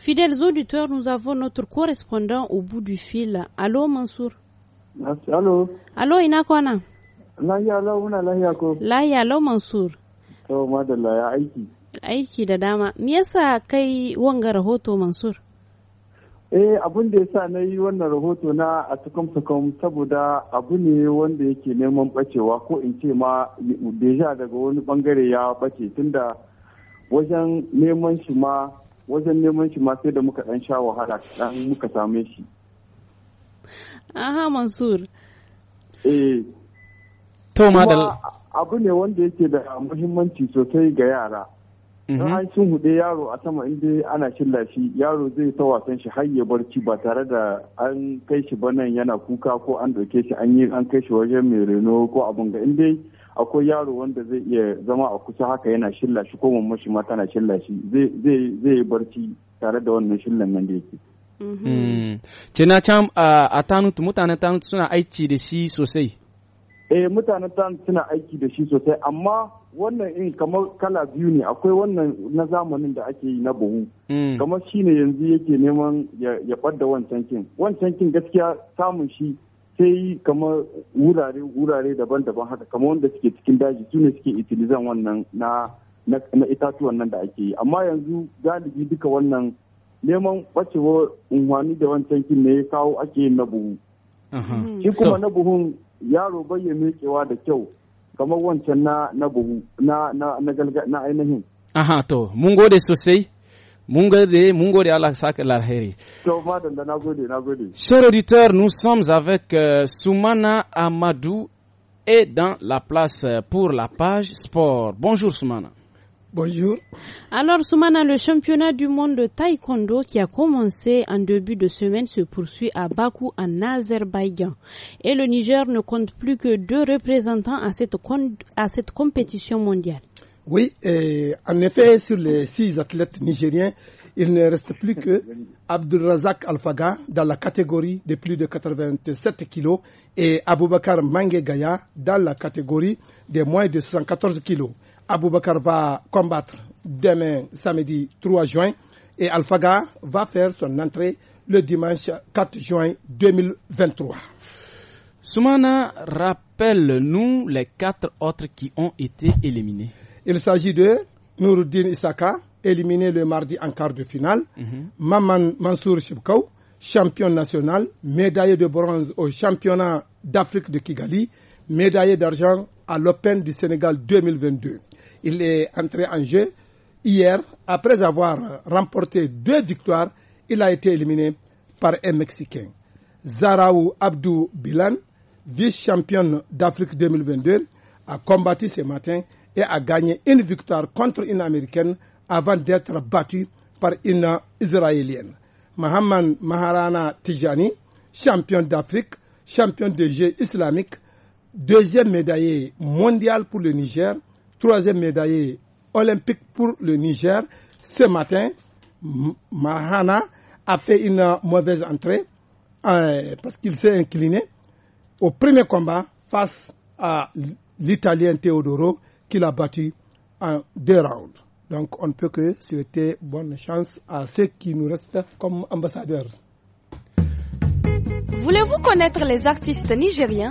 Fidèles auditeurs, nous avons notre correspondant au bout du fil. Allô, Mansour Alo. Alo ina kwana? Lahiya lau muna lahiya ko? Lahiya lau Mansur. To madalla ya aiki. Aiki da dama. Me yasa kai wanga rahoto Mansur? Eh abin da yasa na yi wannan rahoto na a tukam tukam saboda abu ne wanda yake neman bacewa ko in ce ma deja daga wani bangare ya bace tunda wajen neman shi ma wajen neman shi ma sai da muka dan sha wahala dan muka same shi. aha mansur eh, abu ne wanda yake da muhimmanci sosai ga yara mhm. don an sun hude yaro a sama inda ana shilla shi yaro zai ta wasan shi har ya barci ba tare da an kai shi banan yana kuka ko an ɗauke shi an yi an kai shi wajen mai reno ko abin ga inda akwai yaro wanda zai iya zama a kusa haka yana shilla shi ko mamma shi ma tana shilla shi zai yi barci tare da wannan shillan nan da yake Cina mhm. mm. can a tanut mutanen tanut suna aiki da shi sosai. Eh mutanen tanut suna aiki da shi sosai amma wannan in kamar kala biyu ne akwai wannan na zamanin da ake yi na buhu. Mm. Kamar shi ne yanzu yake neman ya ɓadda wancan kin. Wancan kin gaskiya samun shi sai kamar wurare wurare daban-daban haka kama wanda suke cikin daji su ne suke itilizan wannan na na itatuwan nan da ake yi amma yanzu galibi duka wannan neman ɓacewar unhwani da wancan kin ne ya kawo ake yin na buhu. Shi kuma na buhun yaro bai ya miƙewa da kyau kamar wancan na na buhu na na na na ainihin. Aha to mun gode sosai. Mun gode, mun gode Allah saka To da nagode nagode. Chers auditeurs, nous sommes avec euh, Soumana Amadou et dans la place euh, pour la page sport. Bonjour Soumana. Bonjour. Alors, Soumana, le championnat du monde de taekwondo qui a commencé en début de semaine se poursuit à Bakou en Azerbaïdjan. Et le Niger ne compte plus que deux représentants à cette, compétition mondiale. Oui, en effet, sur les six athlètes nigériens, il ne reste plus que Abdulrazak Alfaga dans la catégorie de plus de 87 kilos et Aboubakar Mangegaya dans la catégorie de moins de 114 kilos. Aboubakar va combattre demain samedi 3 juin et Alfaga va faire son entrée le dimanche 4 juin 2023. Soumana, rappelle-nous les quatre autres qui ont été éliminés. Il s'agit de Nouruddin Isaka, éliminé le mardi en quart de finale, mhm. Maman Mansour Chibkou, champion national, médaillé de bronze au championnat d'Afrique de Kigali, médaillé d'argent à l'Open du Sénégal 2022 il est entré en jeu hier. Après avoir remporté deux victoires, il a été éliminé par un Mexicain. Zaraou Abdou Bilan, vice champion d'Afrique 2022, a combattu ce matin et a gagné une victoire contre une Américaine avant d'être battu par une Israélienne. Mohamed Maharana Tijani, champion d'Afrique, champion de jeu islamique, deuxième médaillé mondial pour le Niger, troisième médaillé olympique pour le Niger. Ce matin, Mahana a fait une mauvaise entrée hein, parce qu'il s'est incliné au premier combat face à l'Italien Teodoro qu'il a battu en deux rounds. Donc on ne peut que souhaiter bonne chance à ceux qui nous restent comme ambassadeurs. Voulez-vous connaître les artistes nigériens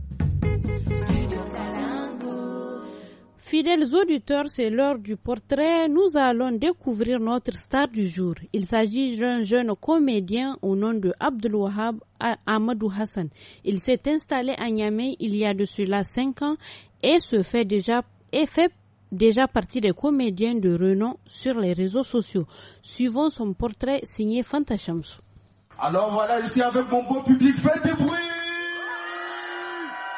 Fidèles auditeurs, c'est l'heure du portrait. Nous allons découvrir notre star du jour. Il s'agit d'un jeune comédien au nom de Abdul Wahab Amadou Hassan. Il s'est installé à Niamey il y a de cela cinq ans et se fait déjà déjà partie des comédiens de renom sur les réseaux sociaux. Suivons son portrait signé Fanta Alors voilà, ici avec mon beau public, faites du bruit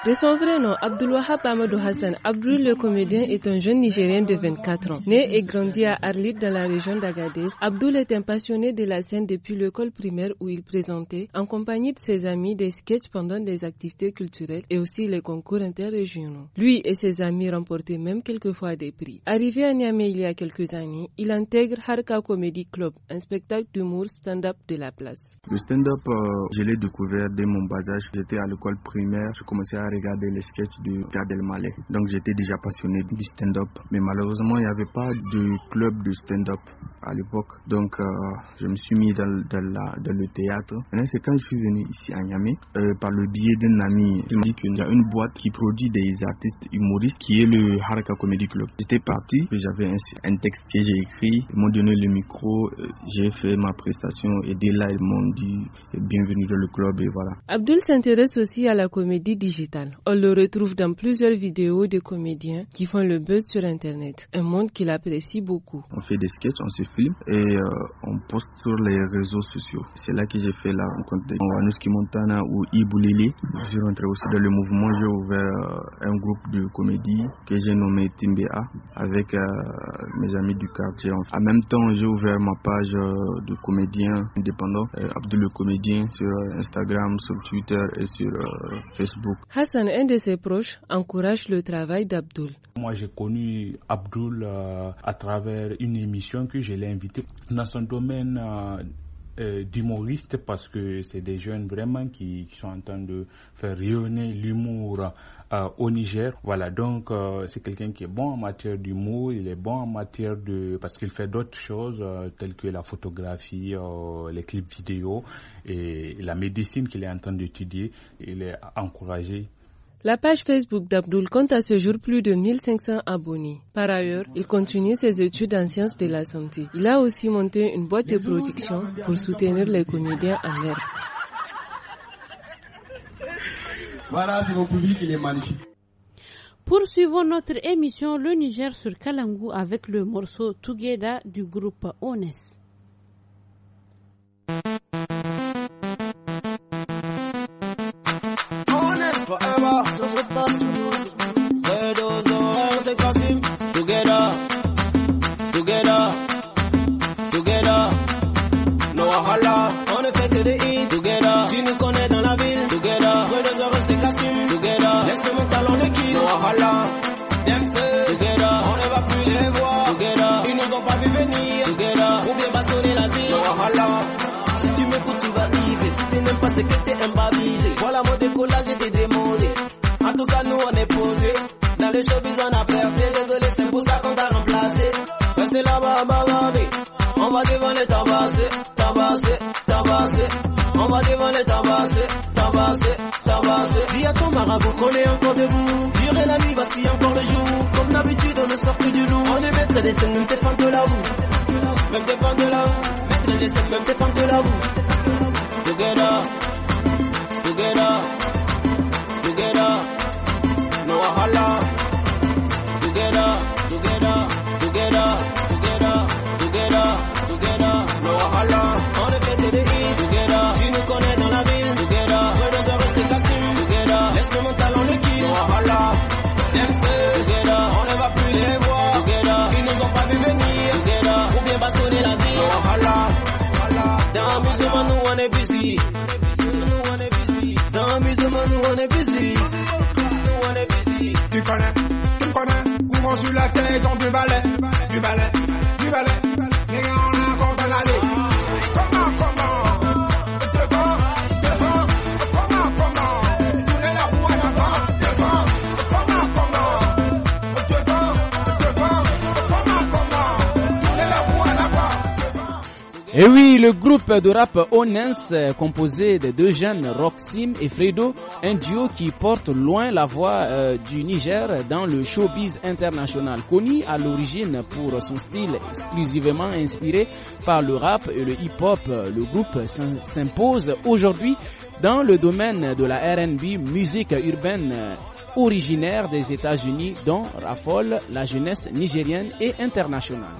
de son vrai nom, Amadou Hassan, Abdul le comédien est un jeune Nigérien de 24 ans. Né et grandi à Arlit dans la région d'Agadez, Abdul est un passionné de la scène depuis l'école primaire où il présentait, en compagnie de ses amis, des sketchs pendant des activités culturelles et aussi les concours interrégionaux. Lui et ses amis remportaient même quelquefois des prix. Arrivé à Niamey il y a quelques années, il intègre Harka Comedy Club, un spectacle d'humour stand-up de la place. Le stand-up, euh, je l'ai découvert dès mon bas J'étais à l'école primaire, je commençais à regarder les sketchs de Gad Elmaleh. Donc j'étais déjà passionné du stand-up, mais malheureusement il n'y avait pas de club de stand-up à l'époque. Donc euh, je me suis mis dans, dans, le théâtre. C'est quand je suis venu ici à Niamey euh, par le biais d'un ami qui m'a dit qu'il y a une boîte qui produit des artistes humoristes qui est le Haraka Comedy Club. J'étais parti, j'avais un, texte que j'ai écrit, ils m'ont donné le micro, euh, j'ai fait ma prestation et dès là ils m'ont dit bienvenue dans le club et voilà. Abdul s'intéresse aussi à la comédie digitale. On le retrouve dans plusieurs vidéos de comédiens qui font le buzz sur Internet, un monde qu'il apprécie beaucoup. On fait des sketchs, on se filme et euh, on poste sur les réseaux sociaux. C'est là que j'ai fait la rencontre de Wanuski Montana ou Iboulili. Je suis rentré aussi dans le mouvement, j'ai ouvert euh, un groupe de comédie que j'ai nommé Timbea avec euh, mes amis du quartier. En même temps, j'ai ouvert ma page de comédien indépendant, Abdul le comédien, sur Instagram, sur Twitter et sur Facebook un de ses proches, encourage le travail d'Abdoul. Moi, j'ai connu Abdoul euh, à travers une émission que je l'ai invité dans son domaine euh, euh, d'humoriste parce que c'est des jeunes vraiment qui, sont en train de faire rayonner l'humour au Niger. Voilà, donc c'est quelqu'un qui est bon en matière d'humour, il est bon en matière de... parce qu'il fait d'autres choses telles que la photographie, les clips vidéo et la médecine qu'il est en train d'étudier. Il est encouragé la page Facebook d'Abdoul compte à ce jour plus de 1500 abonnés. Par ailleurs, il continue ses études en sciences de la santé. Il a aussi monté une boîte de production pour soutenir les comédiens en mer. Voilà, Poursuivons notre émission Le Niger sur Kalangu avec le morceau Together du groupe Ones. us lose. Where those together, together, together. No wahala, on ne fait que des hits together. Tu nous connais dans la ville together. Where those ones they cause him together. Laisse moi mental on le kill. No wahala, together. On ne va plus les voir together. Ils nous ont pas vu venir together. Ou bien bastonner la ville. No wahala, si tu m'écoutes tu vas y Si tu n'aimes pas c'est que t'es un tabasser, tabasser, tabasser. On va devant les tabasser, tabasser, tabasser. Dis à ton marabout qu'on est encore debout. Durer la nuit, voici encore le jour. Comme d'habitude, on ne sort que du loup. On est maître des scènes, même t'es fans de la roue. Même t'es fans de la roue. Maître des même t'es fans de la roue. Et ton deux Et eh oui, le groupe de rap Onens, composé de deux jeunes Roxim et Fredo, un duo qui porte loin la voix euh, du Niger dans le showbiz international, connu à l'origine pour son style exclusivement inspiré par le rap et le hip-hop. Le groupe s'impose aujourd'hui dans le domaine de la R&B, musique urbaine originaire des États-Unis dont raffole la jeunesse nigérienne et internationale.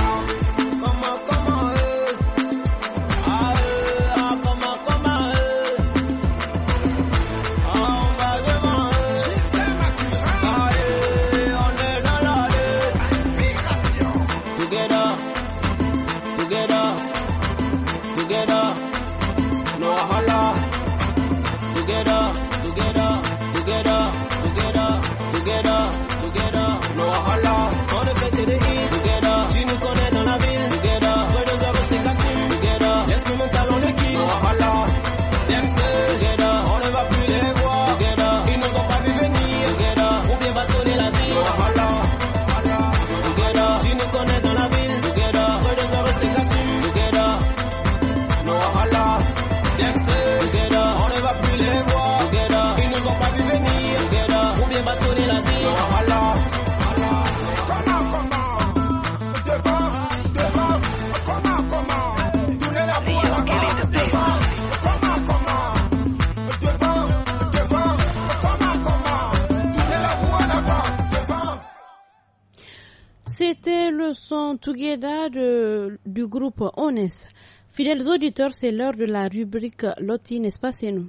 Together du groupe ONES. Fidèles auditeurs, c'est l'heure de la rubrique Loti, n'est-ce pas, c'est nous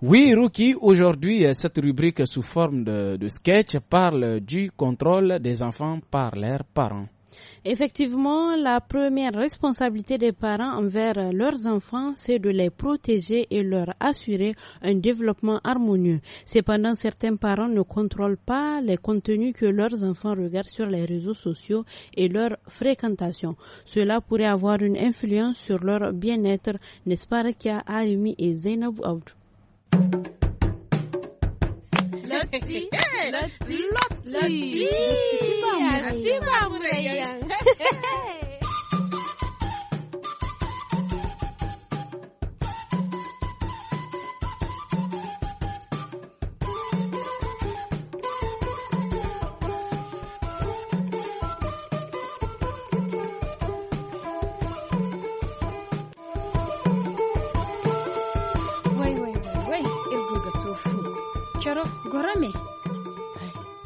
oui, Ruki, aujourd'hui, euh, cette rubrique sous forme de sketch parle du contrôle des enfants par leurs parents. Effectivement, la première responsabilité des parents envers leurs enfants, c'est de les protéger et leur assurer un développement harmonieux. Cependant, certains parents ne contrôlent pas les contenus que leurs enfants regardent sur les réseaux sociaux et leur fréquentation. Cela pourrait avoir une influence sur leur bien-être, n'est-ce pas, Rekia Arimi et Zainab Loti, Let's see Loti, Loti, wala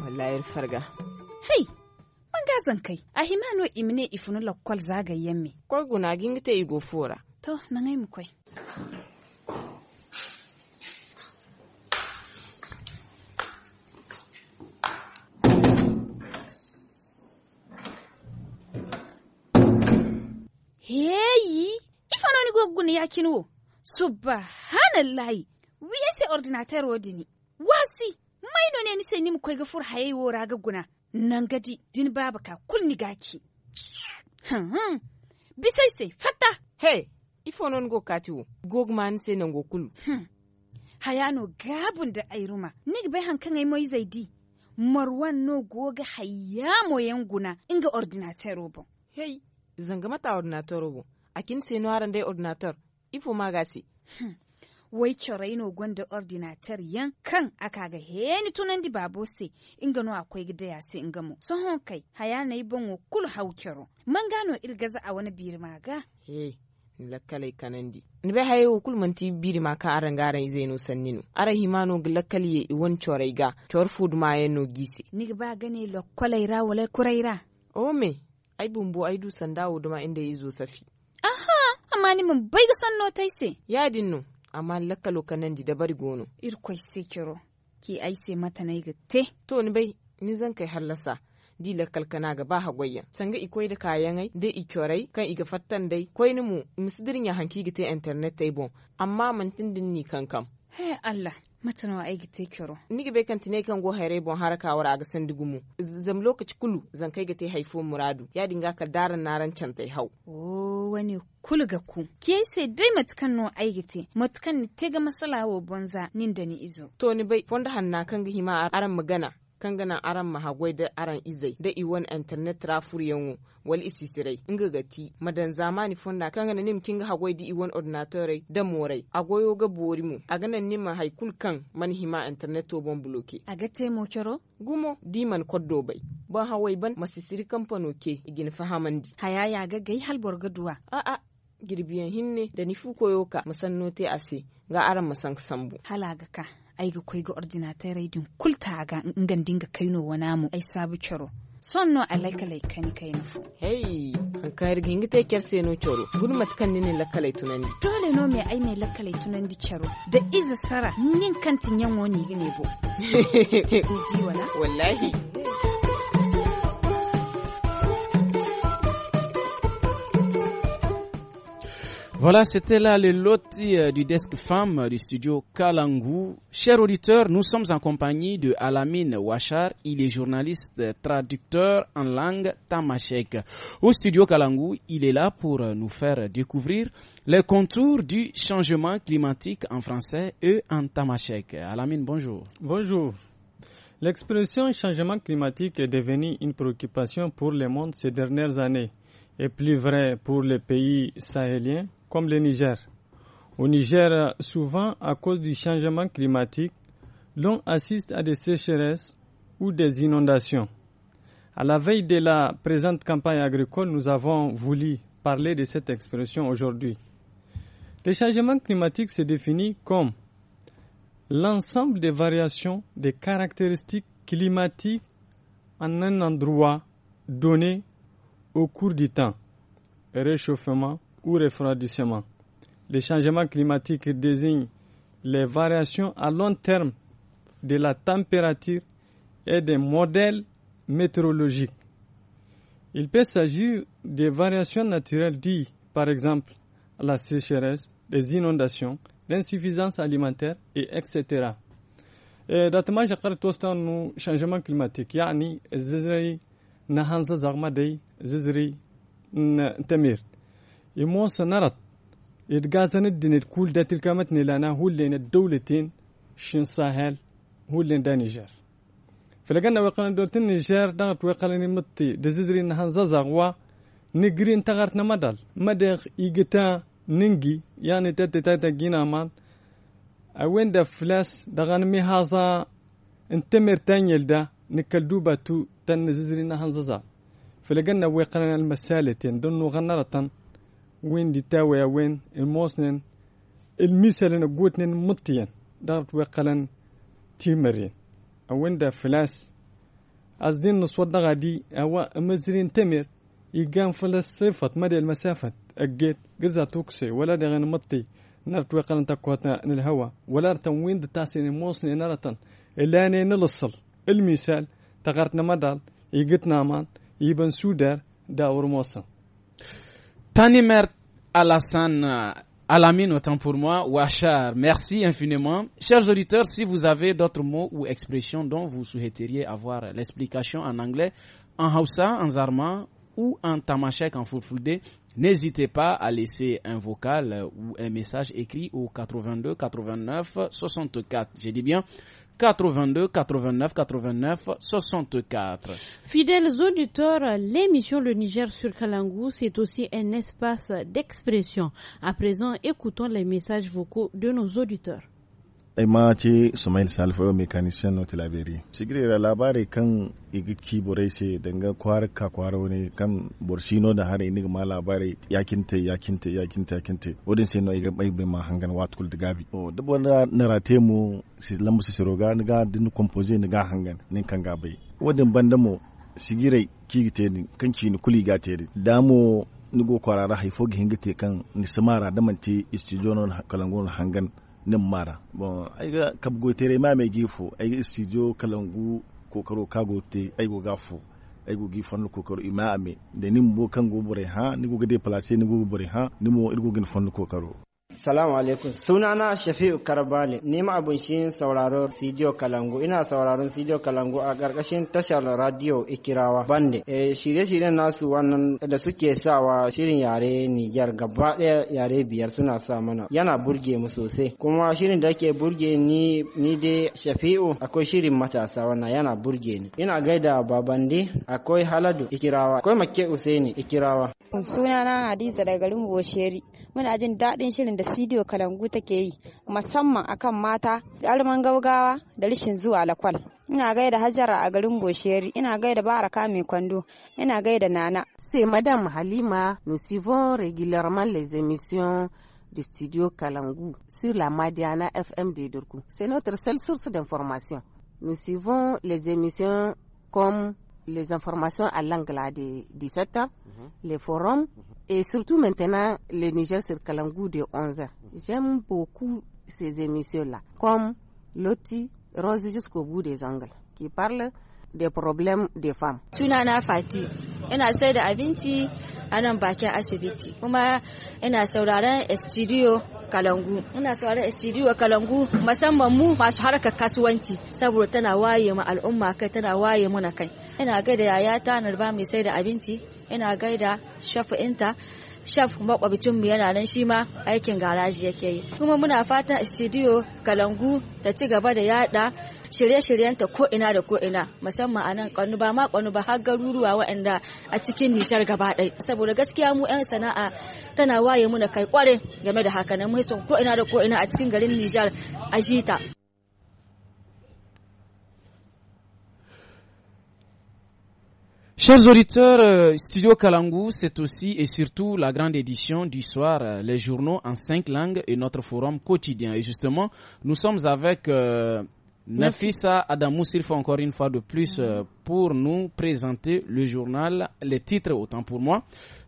Wallahi farga. Hai, man gazan kai, a himano imine ifunu lakwal zagayen me. Kwai guna gingita igo fora. To, na ngai mu kwai. Heyi, ifanoni gogguni ya kinuwo. Subhanallahi, wiye sai ordinator wodini. wasi maino ne ni se nim ga fur haye wo raga guna nan gadi din baba ka kul ni gaki bisai sai fatta hey ifo non go katiwo man sai nan go kulu hmm. hayano gabun da airuma nig bai hankan ai moy zaidi marwan no goga hayya moyen guna inga ordinateur robo hey zanga mata ordinateur robo akin sai no aran dai ordinateur ifo magasi hmm. wai choraino gwanda ordinatar yan kan aka ga heni tunan di babo ga ingano akwai gida ya sai se ingamo sohon kai haya na yi ban kul haukero man gano irgaza a wani birma ga he lakkale kanandi bai haye wo kulmanti biri ma ka aran gara izeno sanninu ara himano glakkali ye iwon ga. chor food ma ye no gisi ni ba gane lokkolaira wala kuraira o me ai bumbu ai du da duma inda yizo safi aha amma ni mun bai ga sanno taise ya amma lakkalo kanan di bari gono Irkwai sikiro ki aise mata na te to ni bai ni zan kai hallasa di lakkal kana ga ba hagoyan sanga ikwai da kayan ai dai ikyorai kan iga fattan dai kwai ni mu misidirin ya hanki gite internet yi bon amma mantin din ni kankam he allah matano yi gite kero nigi be kan tine kan go hayre bon haraka wara aga sandigumu zam lokaci kulu zan kai ga ta haifo muradu ya dinga ka daran naran can tai hau o wani kulu ga ku ke sai dai matkan no ay gite matkan te ga masala wo bonza nin da ni izo to ni bai fonda hanna kan ga hima aran magana kangana aran mahagwai da aran izai da iwan internet trafur yanwu wal isi sirai inga gati madan zamani fonda kangana nim kinga hagwai di iwan ordinatorai da morai a goyo ga borimu a ganan nima haikul kan manhima internet to bon bloke a ga mo kyoro gumo diman koddo bai ban hawai ban siri kamfano ke igin fahamandi hayaya ga gai halbor gaduwa a a girbiyan hinne da nifu koyoka musannote ase ga aran masan sambu halaga ka aiga kwaiga koi raidin ordinateur din kulta ga ngan dinga kaino wana mu ai sabu choro sonno alaika laikani kaino hey an kayar ga inga tekiyar sai no choro gudu matkan ne lakalai tunani dole no me ai mai lakalai tunani choro da iza sara nyin kantin yan woni gine bo wallahi Voilà, c'était là le lot euh, du desk femme euh, du studio Kalangu. Chers auditeurs, nous sommes en compagnie de Alamine Wachar. Il est journaliste euh, traducteur en langue tamashek. Au studio Kalangu, il est là pour nous faire découvrir les contours du changement climatique en français et en tamashek. Alamine, bonjour. Bonjour. L'expression changement climatique est devenue une préoccupation pour le monde ces dernières années et plus vrai pour les pays sahéliens comme le Niger. Au Niger, souvent à cause du changement climatique, l'on assiste à des sécheresses ou des inondations. À la veille de la présente campagne agricole, nous avons voulu parler de cette expression aujourd'hui. Le changement climatique se définit comme l'ensemble des variations des caractéristiques climatiques en un endroit donné au cours du temps. Réchauffement, ou refroidissement. Les changements climatiques désignent les variations à long terme de la température et des modèles météorologiques. Il peut s'agir des variations naturelles dites, par exemple, la sécheresse, des inondations, l'insuffisance alimentaire, et etc. ذات changements climatiques يعني climatiques يمون سنرت إدقاسن الدين الكل دا تلك متني لنا هو لين الدولتين شين ساهل هو لين دا نيجر فلقنا وقنا دولتين نيجر دغت وقلن متي دزيزري نهان زازاغوا نجرين تغرتنا مدل مدخ إيجتا ننجي يعني تاتي تاتا جينا مان أوين دا فلاس دغان مي هازا انتمر تانيل دا دوبا تو تنزيزرين نهان زازاغ فلقنا وقنا المسالتين دنو غنرتن وين دي تاوي وين الموسنين الميسالين قوتنين مطيين دارت وقلن تيمرين وين دا فلاس از دين أزدين دغا دي أوا مزرين تمر يقام فلاس صفة مدى المسافة أجيت قزا توكسي ولا دغين مطي نرت وقلن تقوتنا الهوا ولا رتن وين دا تاسين الموسنين نارتن الاني نلصل المثال تغارتنا مدال يقتنا مان يبن سودار داور موسن Tanimer Alassane euh, Alamine, autant pour moi, Wachar merci infiniment. Chers auditeurs, si vous avez d'autres mots ou expressions dont vous souhaiteriez avoir l'explication en anglais, en Hausa, en Zarma ou en Tamashek, en Fulfulde, n'hésitez pas à laisser un vocal ou un message écrit au 82 89 64. J'ai dit bien 82 89 89 64. Fidèles auditeurs, l'émission Le Niger sur Kalangu, c'est aussi un espace d'expression. À présent, écoutons les messages vocaux de nos auditeurs. ce Sumail Mekanisiyan mechanician no tilaberi. da labari kan igiki borai se danga kwar ka kwaro ne kan borsino da har ni ma labari yakinta yakinta yakinta yakinta wadin sai no iga bai bai ma hangan watkul da gabi. O oh, da na rate mu si lamu si roga ni ga din compose ni ga hangan nin kan ga bai. Odin banda mu sigirai kigite ni kan ci ni kuli ga te Damo nigo kwarara haifo gihinga te kan ni samara da mante istijonon kalangon hangan nin mara bon ai ga kab go tere ma me gifo ay ga studio kalangu ko karo kago te ay go gafo ai go gifon ko karo ima ame de nim bo kan go bore ha ni go gede place ni go bore ha ni mo irgo gin fon ko karo Salamu alaikum. Sunana Shafi'u Karbali, ni shi sauraron Sidiyo Kalangu. Ina sauraron Sidiyo Kalangu a ƙarƙashin tashar radio Ikirawa Bande. E, shirye-shiryen nasu wannan da suke sawa shirin yare Niger gaba ɗaya yare biyar suna sa mana. Yana burge mu sosai. Kuma shirin da ke burge ni ni dai Shafi'u akwai shirin matasa wannan yana burge ni. Ina gaida Babande, akwai Haladu Ikirawa, akwai Makke Usaini Ikirawa. Sunana Hadiza daga garin Bosheri. muna jin daɗin shirin da Sidiyo Kalangu take yi musamman akan mata alman gaugawa da rashin zuwa lakwal. Ina gaida Hajara a garin Gosheri, ina gaida Baraka mai kwando, ina gaida Nana. Sai madam Halima, nous suivons régulièrement les émissions du studio Kalangu sur la Madiana FM de Durku. C'est notre seule source d'information. Nous suivons les émissions comme les informations à l'angle de 17h, -hmm. les forums mhm. et surtout maintenant le Niger sur Kalangou de 11h. J'aime beaucoup ces émissions-là, comme Loti Rose jusqu'au bout des angles, qui parle des problèmes des femmes. Sunana Fati, ina sai da abinci a nan bakin asibiti kuma ina sauraron studio kalangu ina sauraron studio kalangu musamman mu masu harkar kasuwanci saboda tana waye ma al'umma kai tana waye mana kai ina gaida yayata narba mai sai da abinci ina gaida shafa'inta shaf makwabcinmu yana nan shi ma aikin garaji yake yi kuma muna fata studio kalangu ta ci gaba da yada shirye-shiryenta ko ina da ko'ina ina musamman a nan kwanu ba ma kwanu ba har garuruwa waɗanda a cikin nijar gaba ɗai saboda gaskiya mu 'yan sana'a tana waye muna kai kware game da haka nan mu ko ina da ko'ina a cikin garin nijar a jita Chers auditeurs, euh, Studio Kalangou, c'est aussi et surtout la grande édition du soir, euh, les journaux en cinq langues et notre forum quotidien. Et justement, nous sommes avec euh, Nafisa Adamou faut encore une fois de plus euh, pour nous présenter le journal, les titres autant pour moi,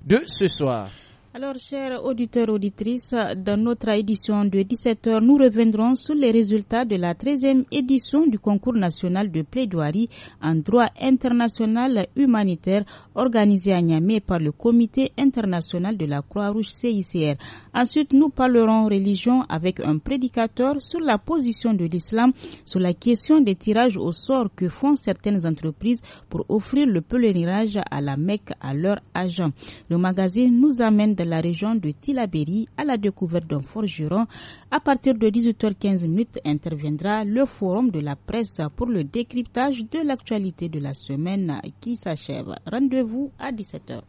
de ce soir. Alors, chers auditeurs, auditrices, dans notre édition de 17h, nous reviendrons sur les résultats de la 13e édition du concours national de plaidoirie en droit international humanitaire organisé à Niamey par le Comité international de la Croix-Rouge CICR. Ensuite, nous parlerons religion avec un prédicateur sur la position de l'islam sur la question des tirages au sort que font certaines entreprises pour offrir le pèlerinage à la Mecque à leurs agents. Le magazine nous amène la région de Tilaberi à la découverte d'un forgeron. À partir de 18h15 interviendra le forum de la presse pour le décryptage de l'actualité de la semaine qui s'achève. Rendez-vous à 17h.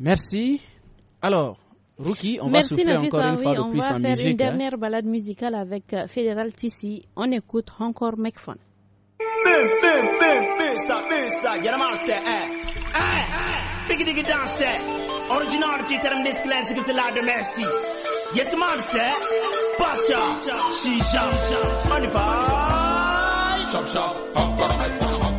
Merci. Alors, Rookie, on va souffler encore une fois on va faire Une hein. dernière balade musicale avec euh, Fédéral Tissi. On écoute encore McFun. Biggie diggy dance set. Originality terem this glance is the ladder mercy. Yes, the man set. Bacha, she jump, jump, money bar. Chop chop, hop, hop, hop, hop.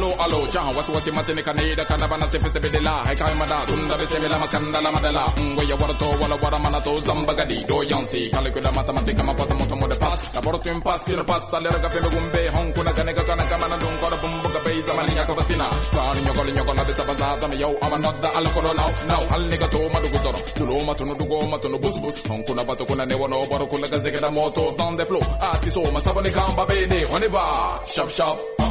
alo alo jahan wasu wasu matini ka ne da kana bana sefe sefe de la hai kai mada tun da bese mila makanda la madala ngwe mm, ya warto wala wara mana to zamba gadi do yansi calcula matematica ma pata moto mode pas, la porto in pass tira pass salera ka pele gumbe hon kuna ka ne ka kana kamana dun kora bumbu ka pei zamani ya ka basina kani nyoko nyoko la besa basa tame yo amana da ala kono now now hal ne ka to madugo zoro tulo matuno dugo matuno bus bus hon kuna bato kuna ne wono baro kula ka zegeda moto down the flow artist o masabone kamba bene honiva shop shop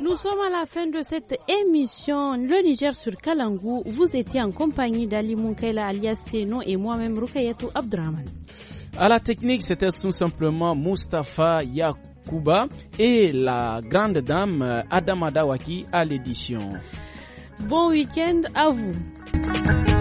Nous sommes à la fin de cette émission Le Niger sur Kalangu Vous étiez en compagnie d'Ali Munkela alias Seno et moi-même Rukayatou Abdraman. À la technique, c'était tout simplement Mustafa Yakuba et la grande dame euh, Adama Dawaki à l'édition. Bon week-end à vous.